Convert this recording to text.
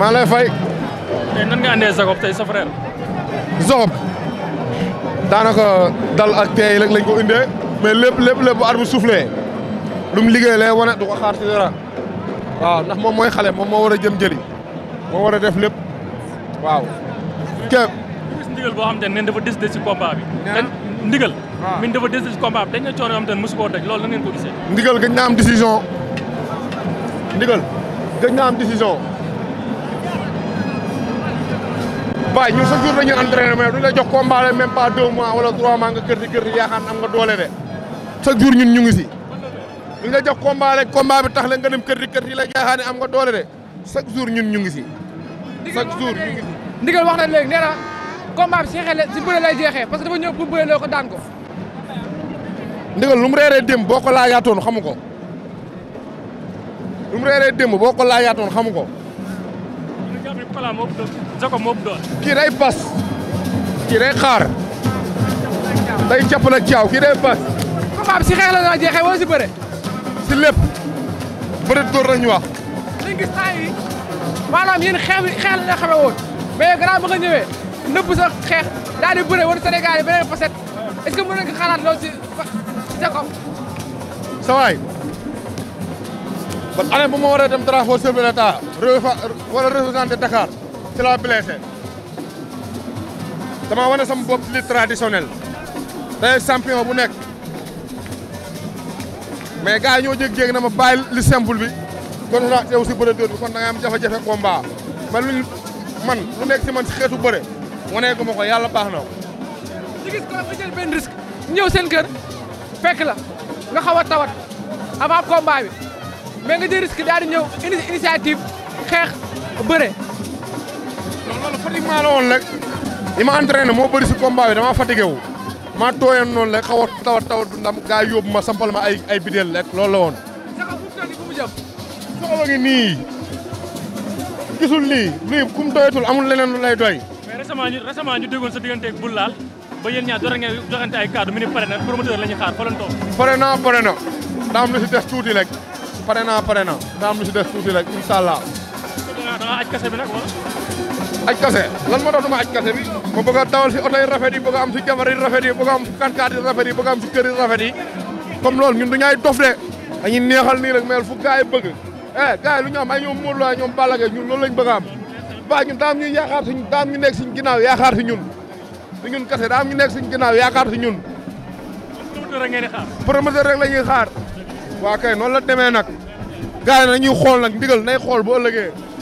maa lay fay. tey nan nga andee Jacob tey sa frère. Jacob daanaka dal ak teey rek lañ ko indee mais lépp lépp lépp bu arbitre bi soufflé liggéey lay wane du ko xaar ci dara ndax moom mooy xale moom moo war a jëm jëli moo war a def lépp waaw. képp gis ndigal boo xam te ne dafa décidé ci combat bi. ndigal. waaw min dafa décidé ci combat bi dañ ne coono yoo xam te ne mosu loolu na ngeen ko gisee. am décision ndigal gëj naa am décision. waaye ñun chaque jour dañuy entraîné mais du la jox combat la même pas deux mois wala trois mois nga kërti kërti yaakaar am nga doole de chaque jour ñun ñu ngi si duñ la jox combat rek bi tax la nga dem kërti kërti la yaakaar ne am nga doole de chaque jour ñun ñu ngi si chaque jour ñu ngi wax na léegi nee na combat bi si xel si bëre lay jeexee parce que dafa ñëw pour bëre loo ko daan ko ndigal lu mu reeree démb boo ko laajaatoon xamu ko lu mu reeree démb boo ko laajaatoon xamu ko Pokola moo ëpp doole Sokone moo ëpp doole. kii day bas kii day xaar day jàpp nag caaw kii day bas. combat bi si xeex la dana jeexee wala si bëre. si lépp bëre dóor la ñu wax. dañu gis temps yii maanaam yéen xeex la nga xamee woon mais grand ba nga ñëwee nëbb sa xeex daal bëre woon Sénégal yi beneen facette est-ce que mën nga xalaat loolu si Sokone. sa waay man année bu ma war a dem transport chef de wala représenté Dakar ci la blessé dama wane sama bopp li traditionnel day champion bu nekk mais gars yi ñoo jékki na ma bàyyi li simple bi kon naa teew si bëre dóor bi kon da nga am jafe-jafe combat man luñ man lu nekk si man si xeetu bëre waneeku ma ko yàlla baax na ko. ñu gis ko nga ñëw seen kër la nga xaw a tawat avant combat mais nga jël risque daal di ñëw xeex bëre. non loolu Fatick maa la woon rek li ma entraîné moo bëri si combat bi damaa wu maa tooyoon noonu rek xaw a tawat tawat du ndam gaa yóbbu ma sampal ay ay bideel rek loolu la woon. soxla ngi nii gisul lii lii ku mu doyatul amul leneen lu lay doy. mais récemment ñu récemment ñu déggoon sa diggante ak Boulal ba yéen ñaar doon ngeen ay cadre mu ne pare na promoteur la ñu xaar fa la ñu toog. na daa am si des tuuti rek pare naa pare na daa am lu si des tuuti ah aj kase bi nag wala. kase lan moo tax du ma aj kase bi ma bëgg a si oto yi rafet yi bëgg am si jabar yi rafet yi bëgg am si kankaat yi rafet yi a am si kër yi rafet yi comme loolu ñun du ñaay dof a dañuy neexal nii rek mel fu gars yi bëgg eh gars lu ñu am ay ñoom Modou Lo ñoom Balla ñun loolu lañ bëgg a am ba ñun daam ñu yaakaar si daam ñu nekk si ginnaaw yaakaar si ñun si ñun kase daam ñu nekk si ginnaaw yaakaar si ñun promoteur rek la ñuy xaar waa kay noonu la demee nag gars yi nag xool nag ndigal nay xool bu ëllëgee